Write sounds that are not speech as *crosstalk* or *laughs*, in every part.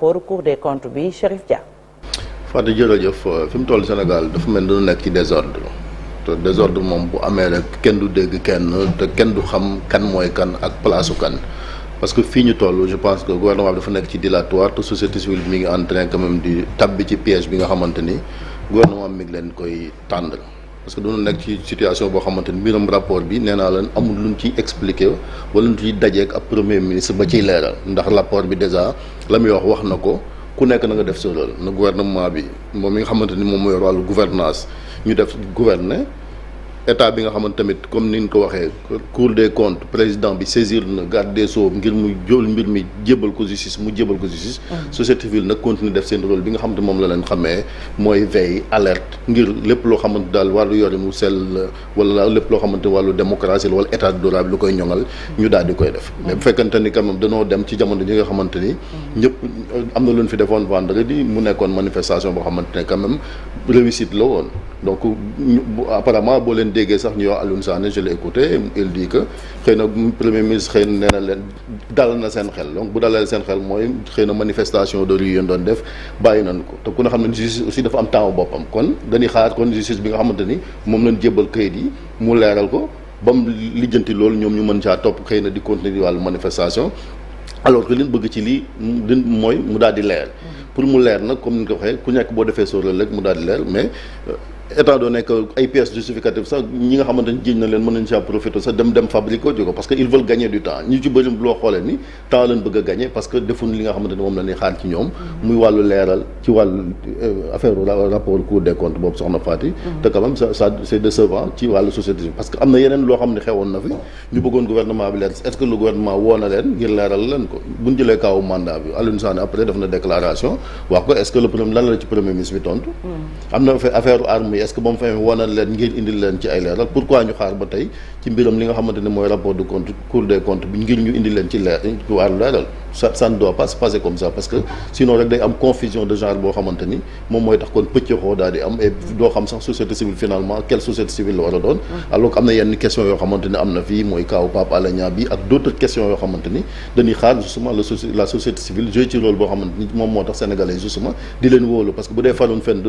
au recours des comptes bi Chérif Dia. Fatou jërëjëf fi mu toll Sénégal dafa mel ni dañu nekk ci désordre te désordre moom bu amee rek kenn du dégg kenn te kenn du xam kan mooy kan ak palaasu kan. parce que fii ñu toll je pense que gouvernement bi dafa nekk ci dilatoire te société civile bi mi ngi en train quand même di tabbi ci piège bi nga xamante ni gouvernement mi ngi leen koy tànd. parce que doonu nekk ci situation boo xamante ni mbiram rapport bi nee naa leen amul luñ ciy expliqué wala luñ ciy dajeek ab premier ministre ba ciy leeral ndax rapport bi déjà la muy wax wax na ko ku nekk na nga def sa rôle na gouvernement bi moom mi nga xamante ni moom moo yor wàllu gouvernance ñu def gouverner état bi nga xamante tamit comme ni ñu ko waxee cour des comptes président bi saisir na garde des sceaux ngir mu jël mbir mi jébal ko justice mu jébal ko justice mm. société civile nag continue def seen role bi nga xamante moom la leen xamee mooy veille alerte ngir lépp loo xamante daal wàllu yore mu sell wala lépp loo xamante wàllu démocratie la wala état de droit bi lu koy ñoŋal ñu daal di koy def mm. mais bu fekkante ni quand même danoo dem ci jamono ji nga xamante ni mm. ñëpp na lu ñu fi defoon vendredi mu nekkoon manifestation boo xamante ne quand même la woon donc ñu apparemment boo leen déggee sax ñu wax Alioune Sané je l'ai écouté il dit que xëy na premier ministre xëy na nee na leen dal na seen xel donc bu dalalee seen xel mooy xëy na manifestation de rue yéen doon def bàyyi nañ ko te ku ne xam ne justice aussi dafa am temps boppam kon dañuy xaar kon justice bi nga xamante ni moom lañ jébbal kayit yi mu leeral ko ba mu lijjanti loolu ñoom ñu mën caa topp xëy na di continuer di wàllu manifestation alors que liñ bëgg ci lii mooy mu daal di leer mm-hmm. pour mu leer nag comme ni waxee ku nekk boo defee sóoral rek mu daal di leer mais euh, étant donné que ay pièces sax ñi nga xamante ni na leen mën nañ caa profité sax dem dem fabriqué ji ko parce que ils veulent gagner du temps ñu ci bëri loo xoolee ni temps lañ bëgg a gagner parce que defuñ li nga xamante moom la ñuy xaar ci ñoom. muy wàllu leeral ci wàllu euh, affaire rapport cour des comptes boobu soxna Fatick. Mm. te quand même ça ça ci wàllu société bi parce que am na yeneen loo xam ne xewoon na fi. ñu bëggoon gouvernement bi est-ce que moom fa wanal leen ngeen indil leen ci ay leeral pourquoi ñu xaar ba tey ci mbiram li nga xamante ne mooy rapport de compte Cour des comptes bi ngir ñu indil leen ci leer ci wàllu leeral ça ça ne doit pas se passer comme ça parce que sinon rek day am confusion de genre boo xamante moom mooy tax kon pëccëxoo daal am doo xam sax société civile finalement quelle société civile la war a doon alors am na yenn question yoo xamante am na fii mooy kaaw Pape Alé bi ak d'autres questions yoo xamante ni xaar justement la société civile joué ci loolu boo xamante moom moo tax sénégalais justement di leen wóolu parce que bu dee faroon fenn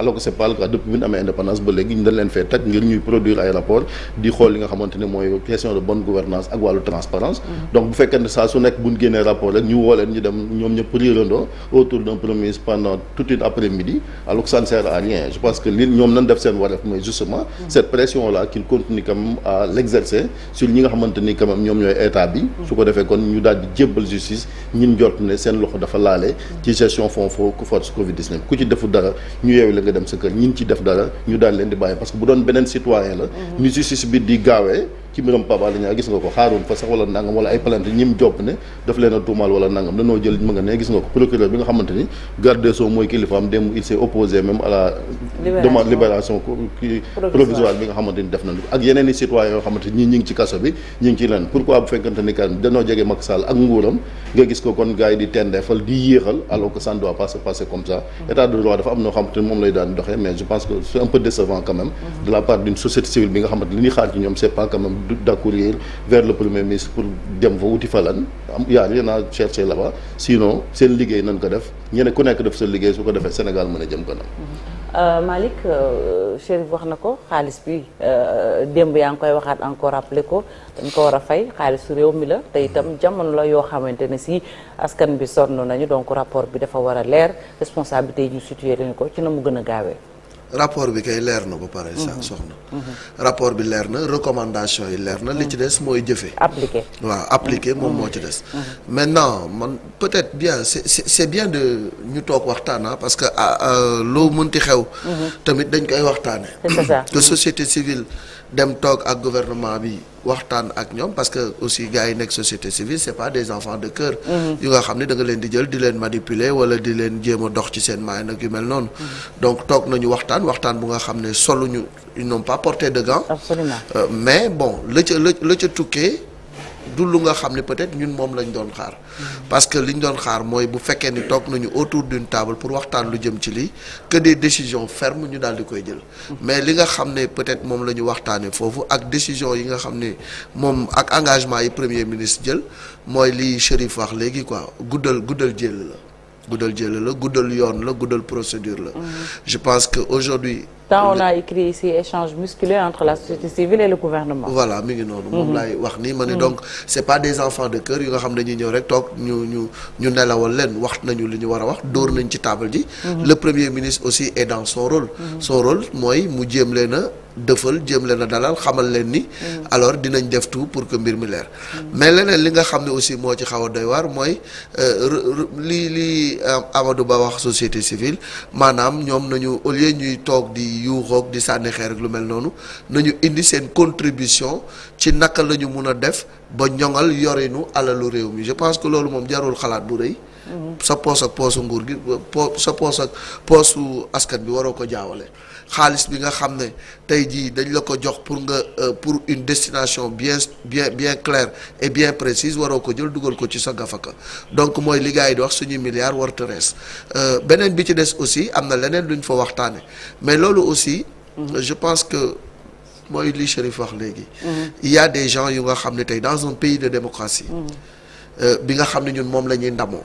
alors que c'est pas depuis bi ñu amee indépendance ba léegi ñu fee teg ngir ñuy produire ay rapport di xool li nga xamante mooy question de bonne gouvernance ak wàllu transparence mm-hmm. donc bu fekkee saa su nekk buñ génnee rapport rek ñu woo leen ñu dem ñoom ñëpp riirandoo autour d'un premier pendant toute une après-midi alors que à rien je pense que li ñoom nañ def seen wareef mooy justement mm-hmm. cette pression là qu'il continue quand même à bëgg parce que bu doon beneen citoyen la. ñu mhm. justice bi di gaawee. ci mbiram gis nga ko xaaroon fa sax wala nangam wala ay plainte ñim jopp ne daf leen a tuumaal wala nangam danoo jël ma nga ne gis nga ko procureur bi nga xamante ni garde des ak yeneen i yoo xamante ñi ngi ci kaso bi ñi ci leen pourquoi bu fekkante ni kan danoo jege Macky Sall ak nguuram nga gis ko kon gars di tendeefal di yéexal alors que ça ne doit comme ça mm-hmm. état de droit dafa am noo xamante moom lay daan doxee mais d'accourir vers le premier ministre pour dem fa wuti falan am yaa rien à chercher là-bas sinon seen liggéey nan ko def ñene ku nekk def sa liggéey su ko defee Sénégal mën a jëm kanam euh, Malick euh, Chérif wax na ko xaalis bi euh, démb yaa ngi koy waxaat encore rappelé ko dañ ko war a fay xaalisu réew mi la te itam jamono la yoo xamante ne si askan bi sonn nañu donc rapport bi dafa war a leer responsabilité yi ñu situé lañu ko ci na mu gën a gaawee rapport bi kay leer na ba pare. sa mhm. soxna. Mhm. rapport bi leer na recommandation yi leer na. li ci des mooy jëfee. appliqué waaw moom moo ci des. Mhm. maintenant man peut-être bien c'est c'est, c'est ñu toog waxtaan ah, parce que ah, euh, loo mënti xew. tamit dañ koy waxtaanee. c'est ça que dem toog ak gouvernement bi. waxtaan ak ñoom parce que aussi gars yi nekk société civile c'est pas des enfants de cœur yu nga xam ne da leen di jël di leen manipuler wala di leen jéem dox ci seen maay nag yu mel noonu donc toog nañu waxtaan waxtaan bu nga xam ne solu ñu n'ont pas porté de gants. absolument euh, mais bon la ca la ca tukkee du lu nga xam ne peut-être ñun moom lañ doon xaar. parce que liñ doon xaar mooy bu fekkee ni toog nañu autour d'une table pour waxtaan lu jëm ci lii que décision décisions fermes ñu daal di koy jël. mais li nga xam ne peut-être moom la ñu waxtaanee foofu ak décision yi nga xam ne moom ak engagement yi premier ministre jël mooy li Chérif wax léegi quoi guddal guddal jël la. guddal jël la guddal yoon la guddal procédure la mm-hmm. je pense aujourd'hui tant a écrit ici échange musculé entre la société civile et le gouvernement. voilà mi ngi noonu. moom mhm. laay wax nii ma ne mhm. donc c'est pas des enfants de cœur yu nga xam ne ñëw rek toog ñu ñu ñu nelawal leen wax nañu li ñu war a wax dóor nañ ci table ji. Mhm. le premier ministre aussi est dans son rôle. son rôle mooy mu jéem leen a dëfal jéem leen a dalal xamal leen ni. alors dinañ def tout pour que mbir mi leer. mais leneen li nga xam ne aussi moo ci xaw a doy waar mooy euh, li li euh, Amadou Ba wa société civile maanaam ñoom nañu au lieu ñuy toog yuuxoog di sànni xeer ak lu mel noonu nañu indi seen contribution ci naka lañu mun a def ba ñoŋal yorinu alalu réew mi je pense que loolu moom jarul xalaat bu rëy. Mhm. sa poos ak poosu nguur gi po sa poos ak poosu askan bi waroo ko jaawale. xaalis bi nga xam ne tey jii dañ la ko jox pour nga euh, pour une destination bien bien bien claire et bien précise waroo ko jël dugal ko ci sa gafaka donc mooy li yi di wax suñuy milliards warut rees euh, beneen bi ci des aussi am na leneen luñ fa waxtaane mais loolu aussi. Mhm. je pense que mooy li Chérif wax léegi. Mhm. il des gens yu nga xam ne tey dans un pays de démocratie. Mhm. Euh, bi nga xam ne ñun moom la ñuy ndamoo.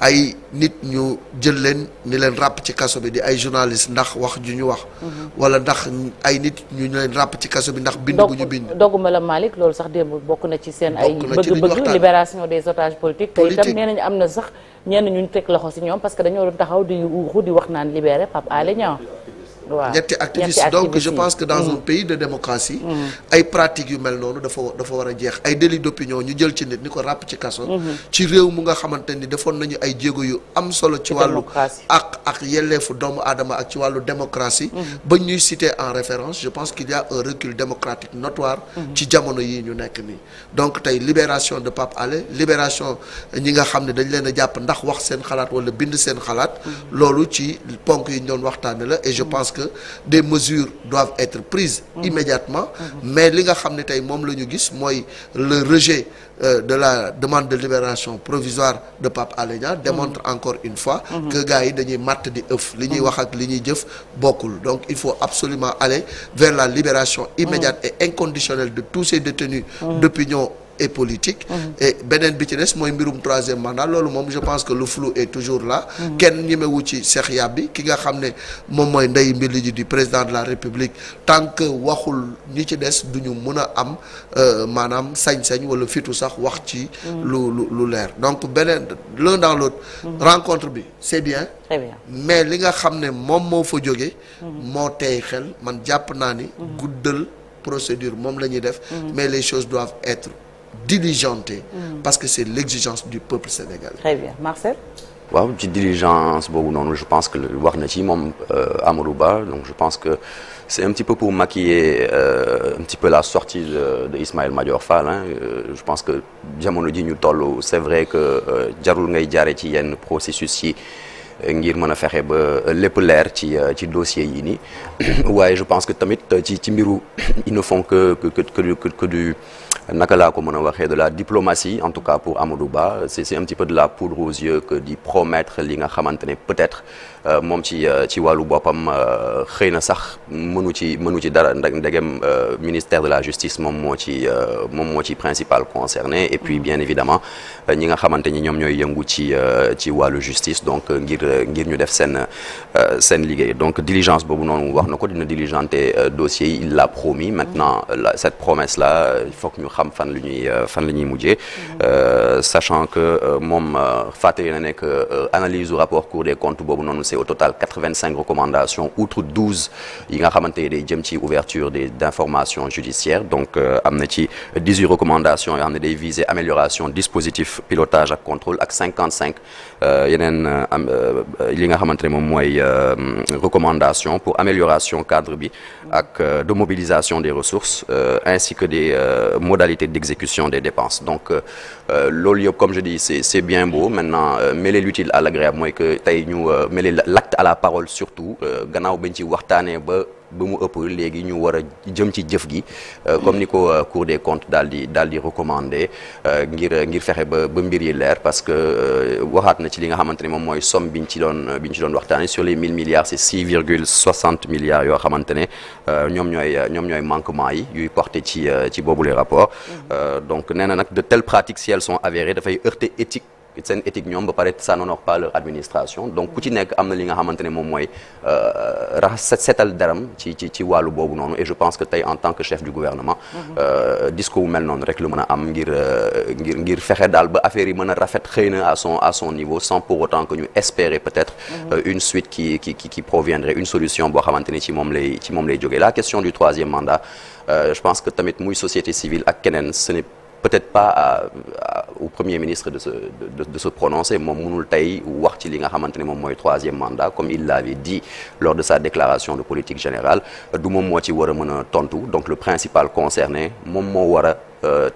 ay nit ñu jël leen ni leen ràpp ci kaso bi di ay journaliste ndax wax ju ñu wax. Mhm. wala ndax ay nit ñu leen ràpp ci kaso bi ndax. bind bu ñu bind doguma la Malick loolu sax démb bokk na ci seen. ay bëgg-bëgg libération des otages politiques. te itam nee nañu am na sax ñenn ñu teg loxo si ñoom parce que dañoo doon taxaw di yuuxu di wax naan libéré Pape Alé Niang. ñetti activiste donc je pense que dans mm. un pays de démocratie mm. ay pratiques yu mel noonu dafa dafa war a jeex ay délits d'opinion ñu jël ci nit ni ko ràpp ci kaso mm-hmm. ci réew mu nga xamante ni defoon nañu ay jéego yu am solo ci wàllu ak ak yelleefu doomu aadama ak ci wàllu démocratie mm-hmm. ba ñuy citer en référence je pense qu'il y a un recul démocratique notoire mm-hmm. ci jamono yi ñu nekk nii donc tey libération de Pape Alé libération ñi nga xam ne dañ leen a jàpp ndax wax seen xalaat wala bind seen xalaat ci ponk yi ñu doon waxtaane la que des mesures doivent être prises mhm. immédiatement mhm. mais li nga xam ne tey moom la ñu gis mooy le rejet euh, de la demande de libération provisoire de Pape Alé Niang mhm. démontre encore une fois que gars yi dañuy matt di ëf li ñuy wax ak li ñuy jëf bokkul donc il faut absolument aller vers la libération immédiate et inconditionnelle de tous ces détenus d'opinion et politique. Mhm. et beneen bi ci des mooy mbirum troisième mandat loolu moom je pense que lu flou est toujours là. Mhm. kenn ñemewu ci seex yàbbi ki nga xam ne moom mooy ndey mbili ji di président la république tant que waxul ñi ci des duñu mën a am euh, maanaam sañ-sañ wala fitu sax wax ci. Mhm. lu lu lu leer donc beneen l'un dans l'autre. bi c'est bien. mais li nga xam ne moom moo fa jóge moo tey xel man jàpp naa ni. guddal procédure moom la ñuy def. mais les choses doivent être. diligenter. Mm. parce que c'est l'exigence du peuple sénégalais. très Marcel. waaw ci diligence boobu noonu je pense que wax na ci moom euh, Amadou Ba donc je pense que c'est un petit peu pour maquiller euh, un petit peu la sortie de, de Ismaël Madior Fall hein. Euh, je pense que jamono ji ñu toll c'est vrai que euh, jarul ngay jaare ci yenn processus yi ngir mën a fexe ba lépp leer ci ci dossier yi nii *coughs* je pense que tamit ci ci mbiru *coughs* ils ne font que du naka laa ko mën a waxee de la diplomatie en tout cas pour Amadou Ba c'est c'est un petit peu de la poudre aux yeux que di promettre li nga xamante ne peut-être euh, moom ci euh, ci wàllu boppam euh, xëy na sax mënu ci mënu ci dara ndegem ministère de la justice moom moo ci moom moo ci principal concerné et puis bien évidemment ñi nga xamante ni ñoom ñooy yëngu ci ci wàllu justice donc ngir ngir ñu def seen seen liggéey donc diligence boobu noonu wax na ko dina diligenter dossier yi il l'a promis maintenant cette promesse là il faut xam fan la ñuy euh, fan la ñuy mujjee euh, sachant que euh, moom fàttali na nekk analyse du rapport Cour des comptes boobu noonu c'est au total 85 recommandations outre 12 yi nga xamante ne day jëm ci ouverture des d'informations judiciaires donc am na ci 18 recommandations yoo xam ne day viser amélioration dispositif pilotage ak contrôle ak 55 yeneen am li nga xamante ne moom mooy recommandation pour amélioration cadre bi ak de mobilisation des ressources ainsi que des modalités modalités d'exécution des dépenses donc euh, euh, loolu yëpp comme je dis c'est bien beau maintenant euh, mêler l'utile à l'agréable mooy que tey ñu l'acte à la parole surtout gannaaw bañ ci ba mu ëpp léegi ñu war a jëm ci jëf gi euh, comme ni ko euh, Cour des comptes dal di daal di recommandé euh, ngir ngir fexe ba ba mbir yi leer parce que waxaat na ci li nga xamante ne moom mooy somme bi ñu ci doon bi ñu ci doon waxtaane sur les 1000 milliards c'est 6 virgule 60 milliards yoo xamante ne ñoom ñooy manquement yi yuy porté ci ci boobu les rapports mm-hmm. donc nee na nag de telles pratiques si elles sont avérées dafay heurter éthique seen éthique ñoom ba pare ça n'honore pas leur administration ku ci nekk am na li nga xamante ne moom mooy raxas setal deram ci ci ci wàllu boobu noonu et je pense que tey en tant chef du gouvernement mhm. euh, discours mel noonu rek lu mën a am ngir euh, ngir ngir fexe daal a rafet xëy à son niveau sans pour autant que ñu espérer peut-être mhm. euh, une suite qui proviendrait une solution boo xamante ni ci moom lay ci la question du troisième mandat je pense que tamit muy société civile ak keneen ce n'est peut-être pas au premier ministre de se de de se prononcer moom mënul tey wax ci li nga xamante ne moom mooy troisième mandat comme il l'avait dit lors de sa déclaration de politique générale du moom moo ci war a mën a tontu donc le principal concerné moom moo war a euh,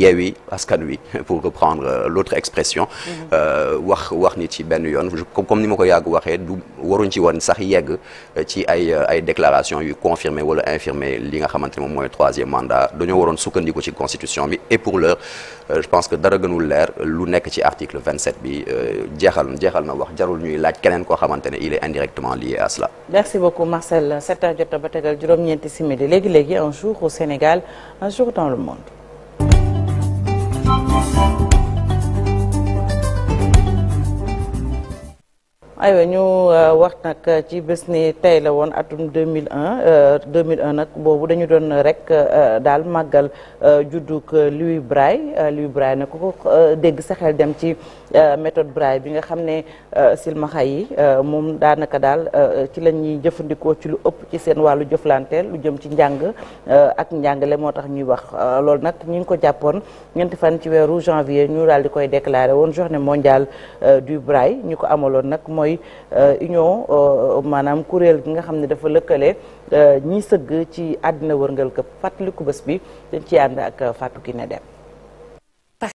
yeewi askan wi *laughs* pour reprendre euh, l'autre expression mm-hmm. euh, wax wax ni ci benn yoon comme ni ma ko yàgg waxee du waruñ ci woon sax yegg ci ay ay déclaration yu confirmé wala infirmé li nga xamante ne moom mooy troisième mandat dañoo waroon sukkandiku ci constitution bi et Euh, je pense que dara gënul leer lu nekk ci article 27 bi euh, jeexal jeexal na wax jarul ñuy laaj keneen koo xamante ne il indirectement lié à cela. merci beaucoup Marcel 7h jot ba tegal juróom-ñeenti simili léegi léegi un jour au Sénégal un jour dans le monde. aywa ñu euh, wax nag euh, ci bés ni tey la woon atum mille euh, mille un nag boobu dañu doon rek daal màggal juddug Louis Braille Louis Braille na ku ko dégg sa xel dem ci Euh, méthode Braille bi nga xam ne euh, silmaxa yi euh, moom daanaka daal ci la ñuy jëfandikoo ci lu ëpp ci seen wàllu jëflanteel lu jëm ci njàng ak njàngale moo tax ñuy wax loolu nag ñu ngi ko jàppoon ñeenti fan ci weeru janvier ñu daal di koy déclaré woon ne mondiale du Braille ñu ko amaloon nag mooy union maanaam kuréel gi nga xam ne dafa lëkkale ñi sëgg ci àddina wërngal këpp fàttaliku bés bi dañ ci ànd ak Fatou Kiné Dem